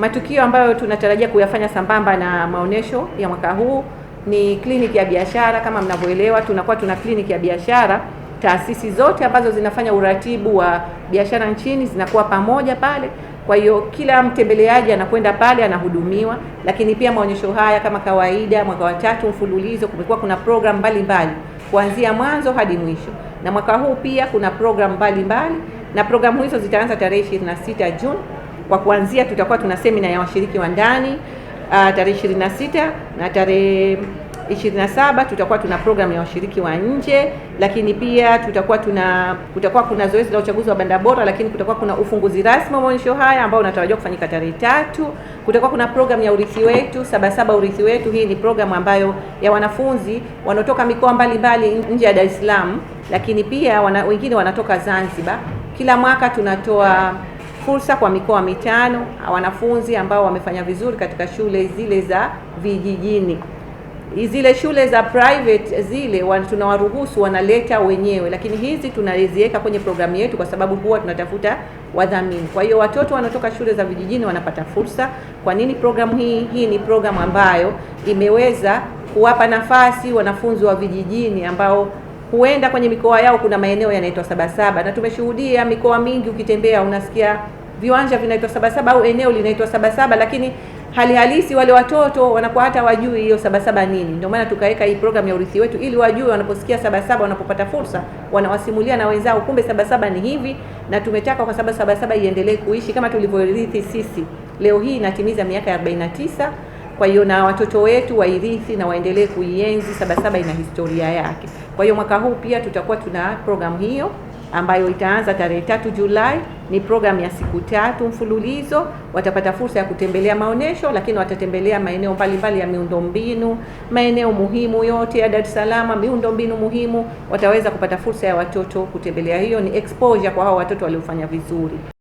Matukio ambayo tunatarajia kuyafanya sambamba na maonyesho ya mwaka huu ni kliniki ya biashara. Kama mnavyoelewa, tunakuwa tuna kliniki ya biashara. Taasisi zote ambazo zinafanya uratibu wa biashara nchini zinakuwa pamoja pale. Kwa hiyo kila mtembeleaji anakwenda pale anahudumiwa, lakini pia maonyesho haya kama kawaida, mwaka wa tatu mfululizo kumekuwa kuna program mbalimbali kuanzia mwanzo hadi mwisho, na mwaka huu pia kuna program mbalimbali, na programu hizo zitaanza tarehe 26 Juni kwa kuanzia tutakuwa tuna semina ya washiriki wa ndani uh, tarehe 26 na tarehe 27 tutakuwa tuna programu ya washiriki wa nje, lakini pia tutakuwa tuna kutakuwa kuna zoezi la uchaguzi wa banda bora, lakini kutakuwa kuna ufunguzi rasmi wa maonyesho haya ambao unatarajiwa kufanyika tarehe tatu. Kutakuwa kuna programu ya urithi wetu sabasaba, urithi wetu. Hii ni programu ambayo ya wanafunzi wanaotoka mikoa mbalimbali nje ya Dar es Salaam, lakini pia wana, wengine wanatoka Zanzibar. Kila mwaka tunatoa fursa kwa mikoa mitano wanafunzi ambao wamefanya vizuri katika shule zile za vijijini. Zile shule za private zile tunawaruhusu wanaleta wenyewe, lakini hizi tunaziweka kwenye programu yetu kwa sababu huwa tunatafuta wadhamini. Kwa hiyo watoto wanaotoka shule za vijijini wanapata fursa. Kwa nini programu hii? Hii ni programu ambayo imeweza kuwapa nafasi wanafunzi wa vijijini ambao huenda kwenye mikoa yao kuna maeneo yanaitwa Sabasaba, na tumeshuhudia mikoa mingi, ukitembea unasikia viwanja vinaitwa Sabasaba au eneo linaitwa Sabasaba, lakini hali halisi wale watoto wanakuwa hata wajui hiyo Sabasaba nini. Ndio maana tukaweka hii program ya urithi wetu, ili wajue, wanaposikia Sabasaba, wanapopata fursa, wanawasimulia na wenzao, kumbe Sabasaba ni hivi, na tumetaka kwa sababu Sabasaba iendelee kuishi kama tulivyorithi sisi. Leo hii inatimiza miaka 49. Kwa hiyo na watoto wetu wairithi na waendelee kuienzi. Sabasaba ina historia yake. Kwa hiyo mwaka huu pia tutakuwa tuna programu hiyo ambayo itaanza tarehe 3 Julai ni programu ya siku tatu mfululizo. Watapata fursa ya kutembelea maonyesho, lakini watatembelea maeneo mbalimbali ya miundombinu, maeneo muhimu yote ya Dar es Salaam, miundombinu muhimu wataweza kupata fursa ya watoto kutembelea. Hiyo ni exposure kwa hao watoto waliofanya vizuri.